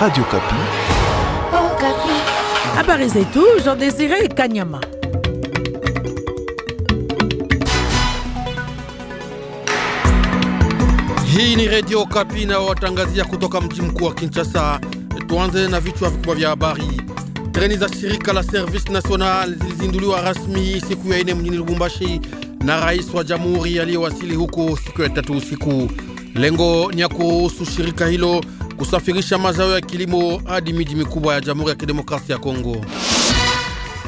Radio Kapi. Oh, Kapi. Habari zetu Jean Désiré Kanyama. Hii ni Radio Kapi na watangazia kutoka mji mkuu wa Kinshasa. Tuanze na vichwa vikubwa vya habari. Treni za shirika la Service National zilizinduliwa rasmi siku ya ine mjini Lubumbashi na rais wa jamhuri aliyewasili huko siku ya tatu usiku. Lengo ni ya kuruhusu shirika hilo kusafirisha mazao ya kilimo hadi miji mikubwa ya Jamhuri ya Kidemokrasia ya Kongo.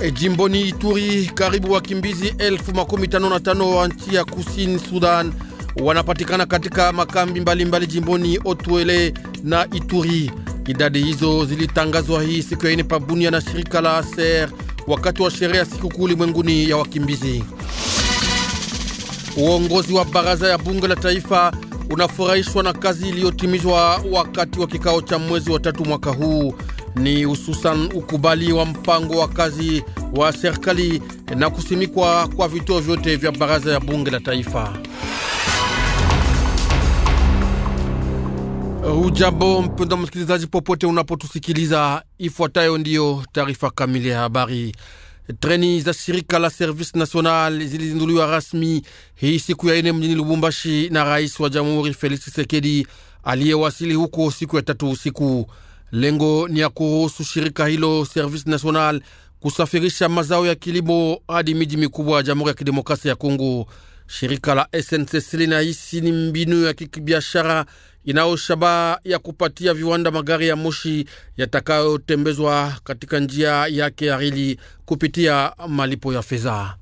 E, jimboni Ituri karibu wakimbizi elfu makumi tano na tano wa nchi ya Kusini Sudan wanapatikana katika makambi mbalimbali mbali jimboni Otuele na Ituri. Idadi hizo zilitangazwa hii siku ya ine pabunia na shirika la ASER wakati wa sherehe ya sikukuu ulimwenguni ya wakimbizi. Uongozi wa baraza ya bunge la taifa unafurahishwa na kazi iliyotimizwa wakati wa kikao cha mwezi wa tatu mwaka huu, ni hususan ukubali wa mpango wa kazi wa serikali na kusimikwa kwa vituo vyote vya baraza ya bunge la taifa. Ujambo mpenda msikilizaji, popote unapotusikiliza, ifuatayo ndiyo taarifa kamili ya habari. Treni za shirika la Service National zilizinduliwa rasmi hii siku ya ine mjini Lubumbashi na rais wa jamhuri Felix Tshisekedi aliyewasili huko siku ya tatu usiku. Lengo ni ya kuruhusu shirika hilo Service National kusafirisha mazao ya kilimo hadi miji mikubwa ya Jamhuri ya Kidemokrasia ya Kongo. Shirika la SNCC linahisi ni mbinu ya kibiashara inayo shabaha ya kupatia viwanda magari ya moshi yatakayotembezwa katika njia yake ya reli kupitia malipo ya fedha.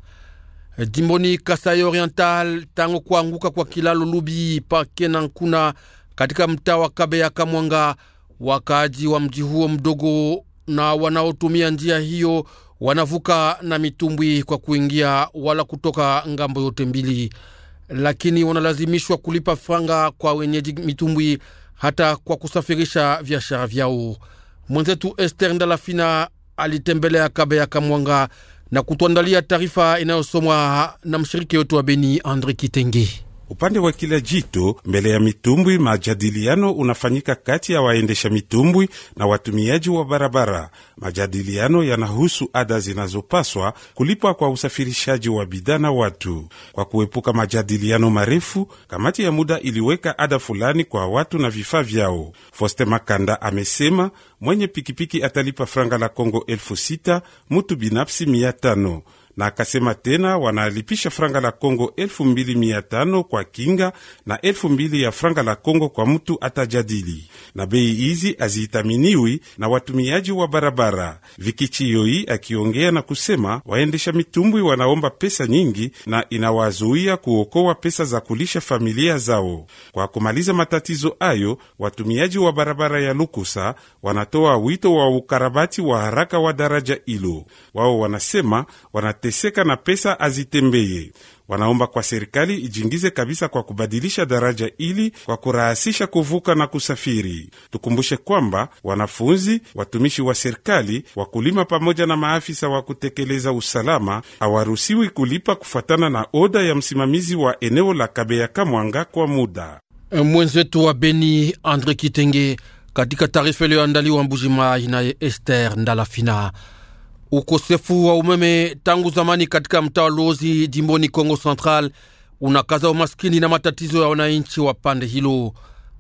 Jimboni Kasai Oriental, tangu kuanguka kwa kilalo Lubi pake na Nkuna katika mtaa wa Kabeya Kamwanga, wakaaji wa mji huo mdogo na wanaotumia njia hiyo wanavuka na mitumbwi kwa kuingia wala kutoka ngambo yote mbili, lakini wanalazimishwa kulipa franga kwa wenyeji mitumbwi hata kwa kusafirisha biashara vyao. Mwenzetu Ester Ndalafina alitembelea ya Kamwanga na kutuandalia taarifa inayosomwa na mshiriki wetu wa Beni Andre Kitengi upande wa kila jito mbele ya mitumbwi. Majadiliano unafanyika kati ya waendesha mitumbwi na watumiaji wa barabara. Majadiliano yanahusu ada zinazopaswa kulipwa kwa usafirishaji wa bidhaa na watu. Kwa kuepuka majadiliano marefu, kamati ya muda iliweka ada fulani kwa watu na vifaa vyao. Foste Makanda amesema mwenye pikipiki atalipa franga la Kongo elfu sita, mutu binafsi mia tano na akasema tena wanalipisha franga la Kongo 25 kwa kinga na elfu ya franga la Kongo kwa mtu atajadili, na bei hizi haziitaminiwi na watumiaji wa barabara. Vikichiyoi akiongea na kusema waendesha mitumbwi wanaomba pesa nyingi na inawazuia kuokoa pesa za kulisha familia zao. Kwa kumaliza matatizo hayo, watumiaji wa barabara ya Lukusa wanatoa wito wa ukarabati wa haraka wa daraja hilo. Wao wanasema wanate wanateseka na pesa hazitembeye. Wanaomba kwa serikali ijingize kabisa kwa kubadilisha daraja ili kwa kurahisisha kuvuka na kusafiri. Tukumbushe kwamba wanafunzi, watumishi wa serikali, wakulima pamoja na maafisa wa kutekeleza usalama hawaruhusiwi kulipa kufuatana na oda ya msimamizi wa eneo la Kabeya Kamwanga kwa muda. Mwenzetu wa Beni Andre Kitenge katika taarifa iliyoandaliwa Mbujimai naye Ester Ndalafina. Ukosefu wa umeme tangu zamani katika mtaa wa Luozi jimboni Kongo Central unakaza umaskini na matatizo ya wananchi wa pande hilo.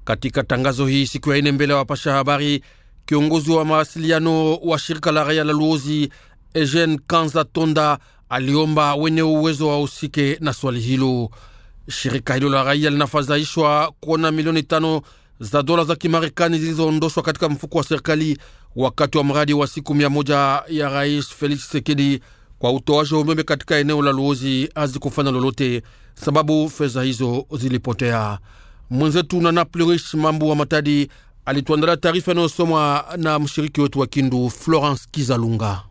Katika tangazo hii siku ya ine mbele ya wapasha habari, kiongozi wa mawasiliano wa shirika la raia la Luozi Eugene Kanza Tonda aliomba wenye uwezo wa usike na swali hilo. Shirika hilo la raia linafadhaishwa kuona milioni tano za dola za Kimarekani zilizoondoshwa katika mfuko wa serikali wakati wa mradi wa siku mia moja ya Rais Felix Tshisekedi kwa utoaji wa umeme katika eneo la Luozi hazikufanya lolote, sababu fedha hizo zilipotea. Mwenzetu Nana Plurish Mambu wa Matadi alituandalia taarifa inayosomwa na mshiriki wetu wa Kindu Florence Kizalunga.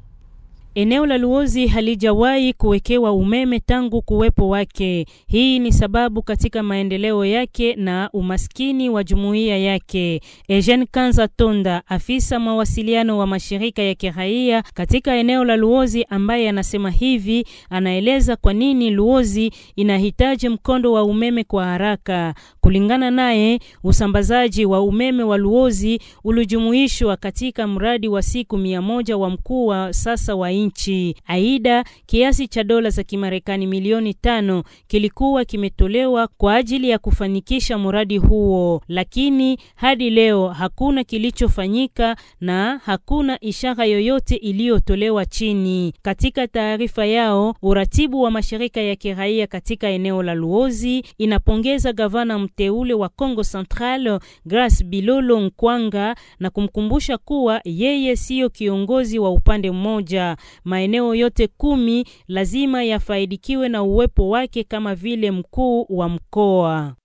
Eneo la Luozi halijawahi kuwekewa umeme tangu kuwepo wake. Hii ni sababu katika maendeleo yake na umaskini wa jumuiya yake. Eugene Kanza Tonda, afisa mawasiliano wa mashirika ya kiraia katika eneo la Luozi, ambaye anasema hivi, anaeleza kwa nini Luozi inahitaji mkondo wa umeme kwa haraka. Kulingana naye, usambazaji wa umeme wa Luozi ulijumuishwa katika mradi wa siku mia moja wa mkuu wa sasa wa inji nchi. Aidha, kiasi cha dola za Kimarekani milioni tano kilikuwa kimetolewa kwa ajili ya kufanikisha mradi huo, lakini hadi leo hakuna kilichofanyika na hakuna ishara yoyote iliyotolewa chini. Katika taarifa yao, uratibu wa mashirika ya kiraia katika eneo la Luozi inapongeza gavana mteule wa Kongo Central Grace Bilolo Nkwanga na kumkumbusha kuwa yeye siyo kiongozi wa upande mmoja maeneo yote kumi lazima yafaidikiwe na uwepo wake kama vile mkuu wa mkoa.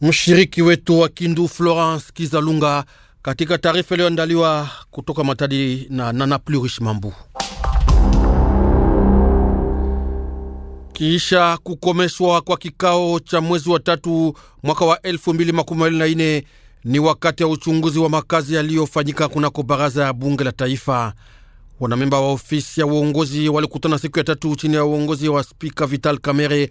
Mshiriki wetu wa Kindu Florence Kizalunga katika taarifa iliyoandaliwa kutoka Matadi na Nana Plurish Mambu. Kisha kukomeshwa kwa kikao cha mwezi wa tatu mwaka wa 2024 ni wakati wa uchunguzi wa makazi yaliyofanyika kunako baraza ya bunge la taifa. Wanamemba wa ofisi ya uongozi walikutana siku ya tatu chini ya uongozi wa spika Vital camere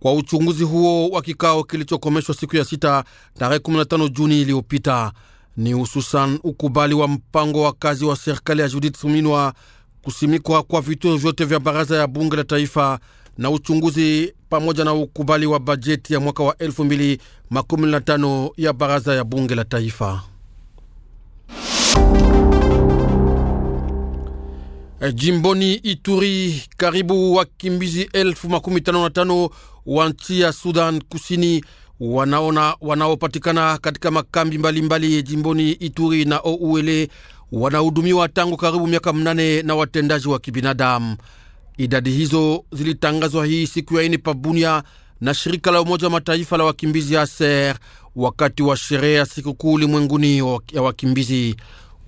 kwa uchunguzi huo wa kikao kilichokomeshwa siku ya sita tarehe 15 Juni iliyopita. Ni hususan ukubali wa mpango wa kazi wa serikali ya Judith Suminwa, kusimikwa kwa vituo vyote vya baraza ya bunge la taifa na uchunguzi pamoja na ukubali wa bajeti ya mwaka wa 2015 ya baraza ya bunge la taifa. Eh, jimboni Ituri, karibu wakimbizi elfu makumi tano na tano wa nchi ya Sudan Kusini wanaona wanaopatikana katika makambi mbalimbali mbali, jimboni Ituri na Ouele wanahudumiwa tangu karibu miaka mnane na watendaji wa kibinadamu. Idadi hizo zilitangazwa hii siku ya ine pabunia na shirika la Umoja wa Mataifa la wakimbizi ASER wakati wa sherehe ya sikukuu ulimwenguni ya wakimbizi.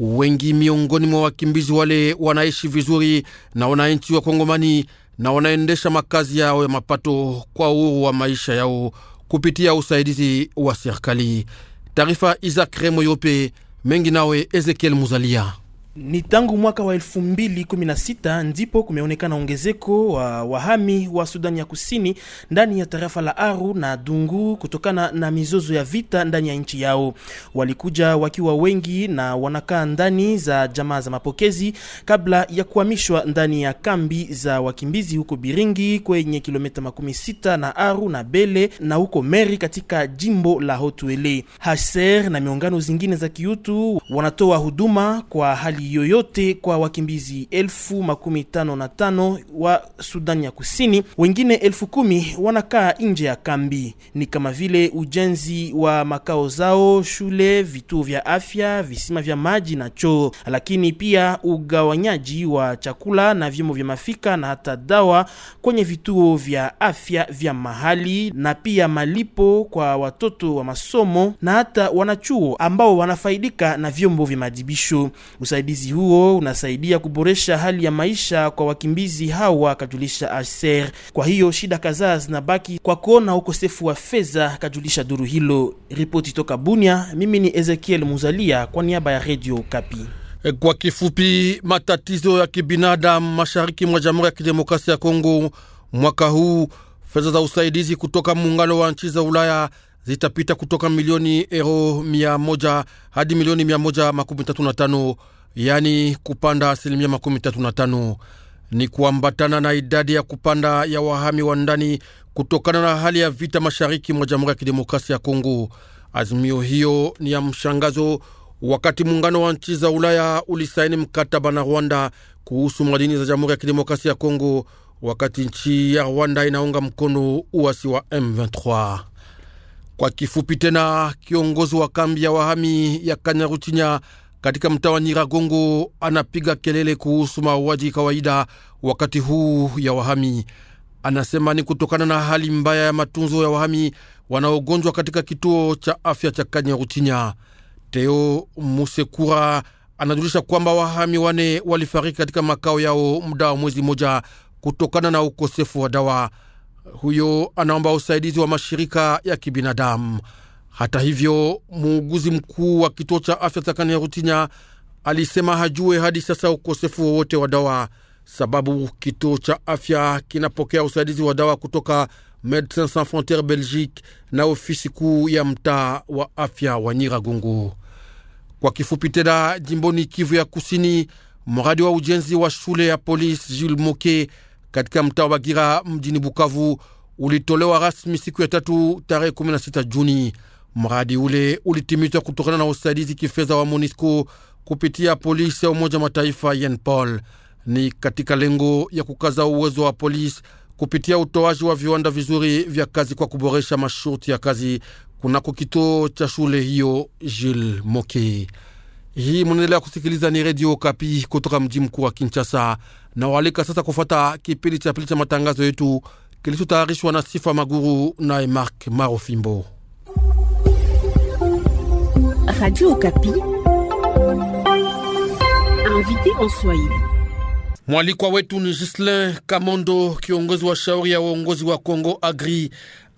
Wengi miongoni mwa wakimbizi wale wanaishi vizuri na wananchi wa Kongomani na wanaendesha makazi yao ya mapato kwa uhuru wa maisha yao kupitia usaidizi wa serikali. Taarifa Isaac Remo Yope mengi nawe Ezekiel Muzalia. Ni tangu mwaka wa 2016 ndipo kumeonekana ongezeko wa wahami wa Sudani ya Kusini ndani ya tarafa la Aru na Dungu kutokana na mizozo ya vita ndani ya nchi yao. Walikuja wakiwa wengi na wanakaa ndani za jamaa za mapokezi kabla ya kuhamishwa ndani ya kambi za wakimbizi huko Biringi kwenye kilomita makumi sita na Aru na Bele na huko Meri katika jimbo la Hotuele. HCR na miungano zingine za kiutu wanatoa huduma kwa hali yoyote kwa wakimbizi elfu makumi tano na tano wa Sudani ya Kusini, wengine elfu kumi wanakaa nje ya kambi, ni kama vile ujenzi wa makao zao, shule, vituo vya afya, visima vya maji na choo, lakini pia ugawanyaji wa chakula na vyombo vya mafika na hata dawa kwenye vituo vya afya vya mahali, na pia malipo kwa watoto wa masomo na hata wanachuo ambao wanafaidika na vyombo vya madibisho usaidizi Usaidizi huo unasaidia kuboresha hali ya maisha kwa wakimbizi hawa, kajulisha Aser. Kwa hiyo shida kadhaa zinabaki kwa kuona ukosefu wa fedha, kajulisha duru hilo. Ripoti toka Bunia, mimi ni Ezekiel Muzalia kwa niaba ya Radio Kapi. Kwa kifupi, matatizo ya kibinadamu mashariki mwa Jamhuri ya Kidemokrasia ya Kongo mwaka huu, fedha za usaidizi kutoka muungano wa nchi za Ulaya zitapita kutoka milioni euro mia moja hadi milioni mia moja makumi tatu na tano yani kupanda asilimia makumi tatu na tano ni kuambatana na idadi ya kupanda ya wahami wa ndani kutokana na hali ya vita mashariki mwa Jamhuri ya Kidemokrasia ya Kongo. Azimio hiyo ni ya mshangazo wakati muungano wa nchi za Ulaya ulisaini mkataba na Rwanda kuhusu madini za Jamhuri ya Kidemokrasia ya Kongo, wakati nchi ya Rwanda inaunga mkono uasi wa M23. Kwa kifupi tena, kiongozi wa kambi ya wahami ya Kanyaruchinya katika wa Nyiragongo anapiga kelele kuhusu mauaji kawaida wakati huu ya wahami. Anasema ni kutokana na hali mbaya ya matunzo ya wahami wanaogonjwa katika kituo cha afya cha Kanyaruchinya. Teo Musekura anajulisha kwamba wahami wane walifariki katika makao yao muda wa mwezi mmoja kutokana na ukosefu wa dawa. Huyo anaomba usaidizi wa mashirika ya kibinadamu. Hata hivyo, muuguzi mkuu wa kituo cha afya sakani ya Rutinya alisema hajue hadi sasa ukosefu wowote wa dawa, sababu kituo cha afya kinapokea usaidizi wa dawa kutoka Medecins Sans Frontiere Belgique na ofisi kuu ya mtaa wa afya wa Nyiragongo. Kwa kifupi tena, jimboni Kivu ya Kusini, mradi wa ujenzi wa shule ya polisi Jules Moke katika mtaa wa Gira mjini Bukavu ulitolewa rasmi siku ya tatu tarehe 16 Juni. Mradi ule ulitimizwa kutokana na usaidizi kifedha wa MONUSCO kupitia polisi ya Umoja Mataifa Paul, Ni katika lengo ya kukaza uwezo wa polisi kupitia utoaji wa viwanda vizuri vya kazi kwa kuboresha masharti ya kazi kunako kituo cha shule hiyo Jules Moke. Hii munaendelea kusikiliza ni Redio Kapi kutoka mji mkuu wa Kinshasa, na walika sasa kufuata kipindi cha pili cha matangazo yetu kilichotayarishwa na Sifa Maguru naye Mark Marofimbo. Radio Okapi. Invité en Swahili. Mwalikwa wetu ni Gislin Kamondo, kiongozi wa shauri ya uongozi wa Kongo Agri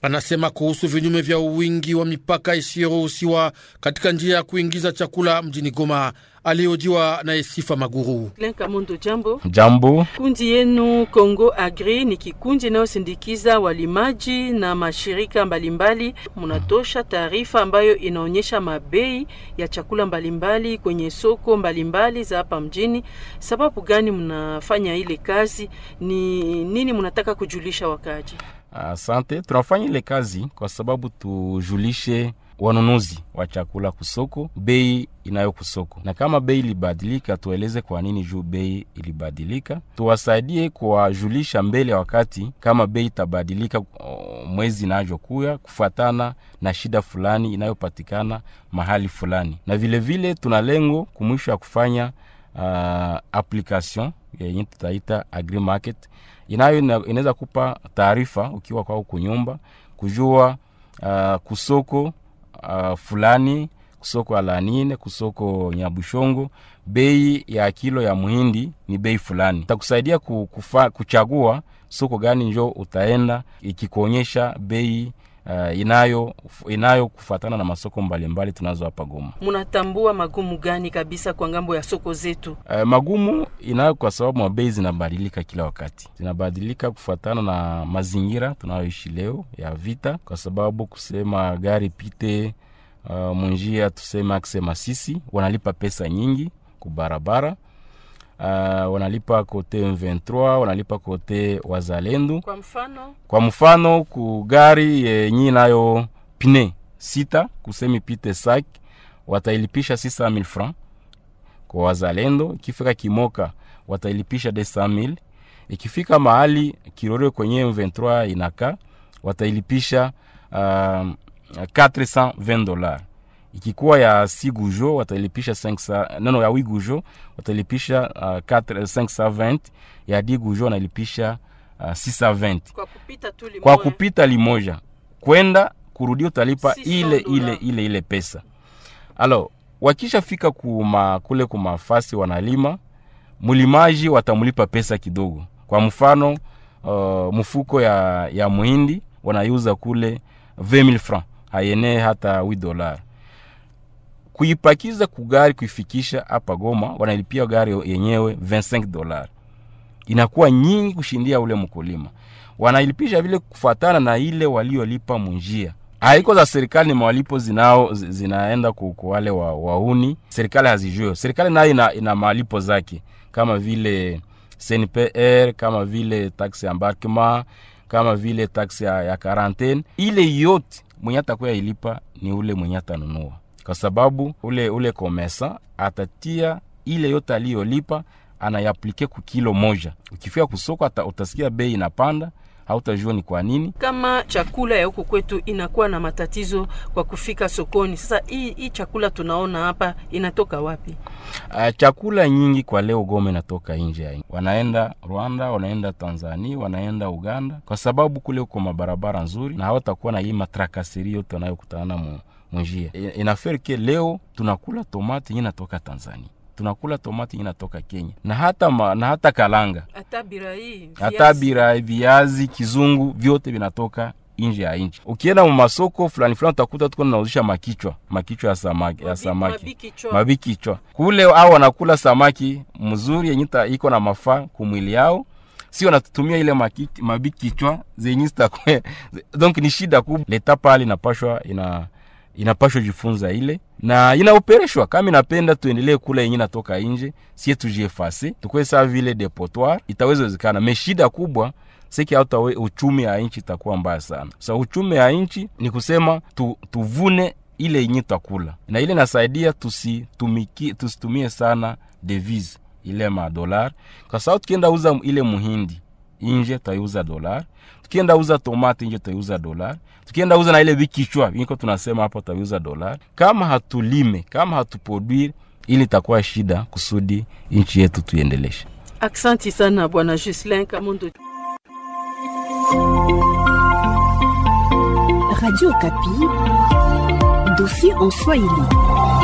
anasema kuhusu vinyume vya uwingi wa mipaka isiyoruhusiwa katika njia ya kuingiza chakula mjini Goma aliyojiwa na Esifa Maguru. jambo. Jambo. Kundi yenu congo Agri ni kikundi inayosindikiza walimaji na mashirika mbalimbali, munatosha taarifa ambayo inaonyesha mabei ya chakula mbalimbali kwenye soko mbalimbali za hapa mjini. Sababu gani mnafanya ile kazi? Ni nini mnataka kujulisha wakaji? Asante, tunafanya ile kazi kwa sababu tujulishe wanunuzi wa chakula kusoko bei inayo kusoko, na kama bei ilibadilika, tueleze kwa nini juu bei ilibadilika. Tuwasaidie kuwajulisha mbele ya wakati kama bei itabadilika uh, mwezi inayokuya kufuatana na shida fulani inayopatikana mahali fulani, na vilevile vile, tuna lengo kumwisho ya kufanya uh, application yenye tutaita agri market inayo inaweza kupa taarifa ukiwa kwao kunyumba, kujua uh, kusoko uh, fulani kusoko Alanine, kusoko Nyabushongo, bei ya kilo ya muhindi ni bei fulani, takusaidia kufa, kuchagua soko gani njo utaenda, ikikuonyesha bei uh, inayo inayo kufuatana na masoko mbalimbali tunazo hapa Goma. Munatambua magumu gani kabisa kwa ngambo ya soko zetu? Uh, magumu inayo kwa sababu mabei zinabadilika kila wakati, zinabadilika kufuatana na mazingira tunayoishi leo ya vita, kwa sababu kusema gari pite uh, eh, munjia tuseme akisema sisi wanalipa pesa nyingi kubarabara uh, wanalipa kote M23, wanalipa kote wazalendo. Kwa mfano, kwa mfano ku gari yenyi nayo pine sita kusemi pite sak watailipisha 600000 francs kwa wazalendo, ikifika kimoka watailipisha 200000 ikifika mahali kirore kwenye M23 inaka watailipisha uh, um, 420 dollars ikikuwa ya si gujo watalipisha 5 no, no, ya wigujo gujo watalipisha uh, 4 520 uh, ya di gujo wanalipisha uh, 620 kwa kupita tu limoja, kwa kupita limoja kwenda kurudi utalipa ile ile ile ile pesa. Alo, fika kuma kule kumafasi wanalima, mlimaji watamulipa pesa kidogo. Kwa mfano uh, mfuko ya, ya muhindi wanayuza kule 20000 francs hayene hata 8 dollars kuipakiza kugari kuifikisha hapa Goma wanalipia gari yenyewe 25 dola, inakuwa nyingi kushindia ule mkulima. Wanailipisha vile kufuatana na ile waliolipa munjia. Haiko za serikali, ni malipo zinao zinaenda kwa wale wa, wauni. Serikali hazijui, serikali nayo ina, ina malipo zake kama vile CNPR, kama vile taxi ya mbakima, kama vile taxi ya, ya quarantine. Ile yote mwenye atakuwa ilipa ni ule mwenye atanunua kwa sababu ule ule komesa atatia ile yote aliyolipa anayaplike kukilo moja. Ukifika kusoko utasikia bei inapanda hautajua ni kwa nini. Kama chakula ya huko kwetu inakuwa na matatizo kwa kufika sokoni, sasa hii hii chakula tunaona hapa inatoka wapi? Uh, chakula nyingi kwa leo Goma inatoka nje ya wanaenda Rwanda, wanaenda Tanzania, wanaenda Uganda, kwa sababu kule uko mabarabara nzuri na hawatakuwa na hii matrakasiri yote wanayokutana mu munjia. Inaferke leo tunakula tomate inatoka Tanzania tunakula tomati inatoka Kenya na hata, ma, na hata kalanga hata birai, hata birai, viazi, kizungu vyote vinatoka nje ya nchi. Ukienda mu masoko fulani fulani utakuta tuko tunauzisha makichwa, makichwa ya samaki, ya samaki, mabikichwa kule, au wanakula samaki mzuri yenye iko na mafaa kumwili yao si natutumia ile mabikichwa zenye zitakuwa donc ni shida kubwa. Leta pale inapashwa ina inapashwa jifunza ile na inaopereshwa kama inapenda tuendelee kula yenye natoka nje, sie tujiefase tukwe saa vile depotoir, itaweza wezekana. meshida kubwa siki hata uchumi ya nchi itakuwa mbaya sana. Sa uchumi ya nchi ni kusema tu, tuvune ile yenye twakula na ile nasaidia tusitumiki tusitumie sana devise ile ma kwa sababu tukienda uza ile muhindi inje tayuza dolar, tukienda uza tomate inje tayuza dolar, tukienda uza na ile vikichwa viko tunasema hapo tayuza dolar. Kama hatulime kama hatuproduire, ili takuwa shida kusudi nchi yetu tuiendeleshe. Aksanti sana Bwana Juslin Kamundo. Radio Kapi, dossier en Swahili.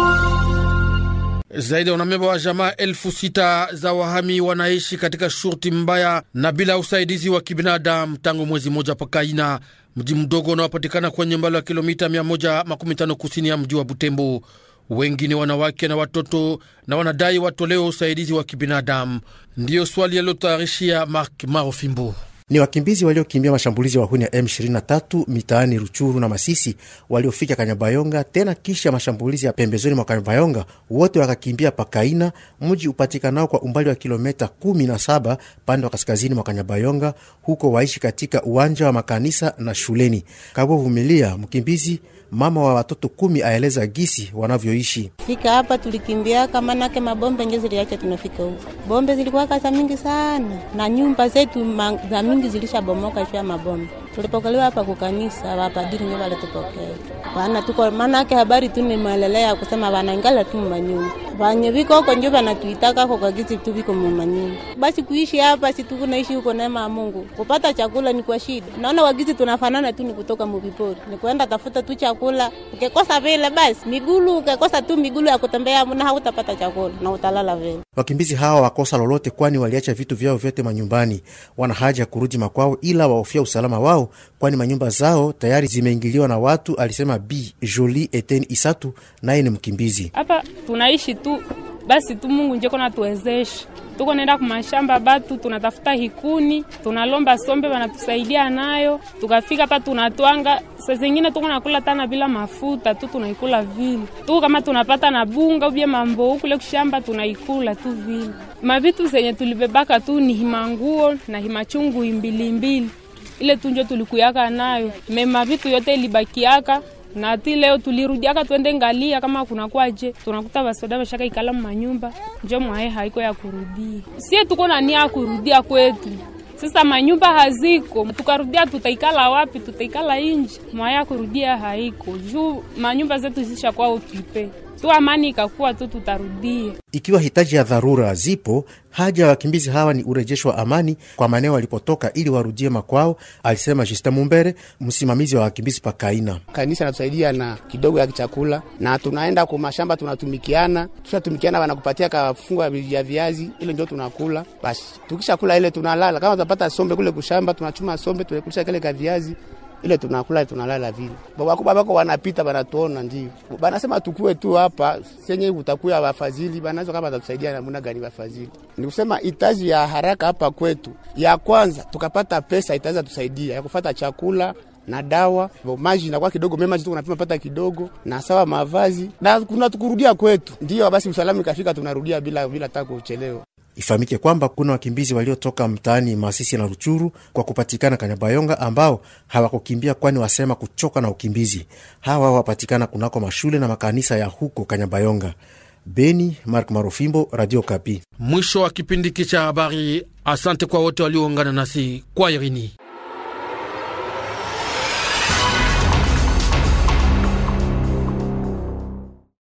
Zaidi ya wanamemba wa jamaa elfu sita za wahami wanaishi katika shurti mbaya na bila usaidizi wa kibinadamu tangu mwezi mmoja Pakaina, mji mdogo unaopatikana kwenye umbali wa kilomita 115 kusini ya mji wa Butembo. wengi ni wanawake na watoto na wanadai watolewe usaidizi wa kibinadamu. Ndiyo swali yaliyotayarishia Mark Marofimbo. Ni wakimbizi waliokimbia mashambulizi ya wahuni ya M23 mitaani Ruchuru na Masisi waliofika Kanyabayonga tena kisha mashambulizi ya pembezoni mwa Kanyabayonga, wote wakakimbia Pakaina, mji upatikanao kwa umbali wa kilometa 17 pande wa kaskazini mwa Kanyabayonga. Huko waishi katika uwanja wa makanisa na shuleni. Kavovumilia mkimbizi mama wa watoto kumi aeleza gisi wanavyoishi. Fika hapa tulikimbia kamanake mabombe nje ziliacha, tunafika huko bombe zilikuwa kasa mingi sana, na nyumba zetu za mingi zilishabomoka shua ya mabombe tulipokelewa hapa kwa kanisa, wapadiri ndio walitupokea bana, tuko maana yake habari tu ni malelea kusema wanaingala tu manyumba wanye viko huko njo vanatuitaka kwa kagizi tu viko mumanyumba. Basi kuishi hapa si tu kunaishi huko neema ya Mungu, kupata chakula ni kwa shida. Naona wagizi tunafanana tu, ni kutoka mvipori ni kwenda tafuta tu chakula. Ukikosa vile basi migulu, ukikosa tu migulu ya kutembea na hautapata chakula na utalala vile. Wakimbizi hawa wakosa lolote, kwani waliacha vitu vyao vyote manyumbani. Wana haja ya kurudi makwao, ila wahofia usalama wao yao, kwani manyumba zao tayari zimeingiliwa na watu, alisema Bi Joli Eten Isatu, naye ni mkimbizi. Hapa tunaishi tu basi tu Mungu njeko natuwezesha tuko nenda kumashamba batu tunatafuta hikuni tunalomba sombe wanatusaidia nayo tukafika pa tunatwanga saa zingine tuko nakula tana bila mafuta tu tunaikula vile tuko kama tunapata na bunga ubye mambo kule kushamba tunaikula tu vile mavitu zenye tulibebaka tu ni himanguo na himachungu imbilimbili ile tunjo tulikuyaka nayo mema, vitu yote ilibakiaka na ati leo tulirudiaka twende ngalia kama kuna kwaje, tunakuta vasoda vashaka ikala manyumba, njo mwaye haiko ya kurudia. Sie tuko na nia ya kurudia kwetu sasa, manyumba haziko, tukarudia tutaikala wapi? Tutaikala inji, Mwae ya kurudia haiko juu manyumba zetu zishakuwa okipe tu amani ikakuwa tu, tutarudia. Ikiwa hitaji ya dharura zipo, haja ya wakimbizi hawa ni urejesho wa amani kwa maeneo walipotoka ili warudie makwao, alisema Jiste Mumbere, msimamizi wa wakimbizi pakaina. Kanisa natusaidia na kidogo ya chakula, na tunaenda kwa mashamba, tunatumikiana. Tushatumikiana, wanakupatia kafungwa ya viazi, ile ndio tunakula. Basi tukishakula ile tunalala, kama tunapata sombe kule kushamba, tunachuma sombe, tunakulisha kile ka viazi ile tunakula tunalala vile. Baba kubwa bako wanapita wanatuona, ndio banasema tukue tu hapa, senye utakuwa wafadhili banazo, kama watatusaidia namna gani wafadhili. Ni kusema itaji ya haraka hapa kwetu, ya kwanza tukapata pesa itaweza tusaidia ya kufata chakula na dawa maji kwa kidogo memaji tunapima pata kidogo na sawa mavazi na kuna tukurudia kwetu, ndio basi usalama ikafika, tunarudia bila bila taka kuchelewa. Ifahamike kwamba kuna wakimbizi waliotoka mtaani Masisi na Ruchuru kwa kupatikana Kanyabayonga ambao hawakukimbia kwani wasema kuchoka na ukimbizi. Hawa wapatikana kunako mashule na makanisa ya huko Kanyabayonga. Beni, Mark Marofimbo, Radio Kapi. Mwisho wa kipindi hiki cha habari. Asante kwa wote walioungana nasi kwa Irini.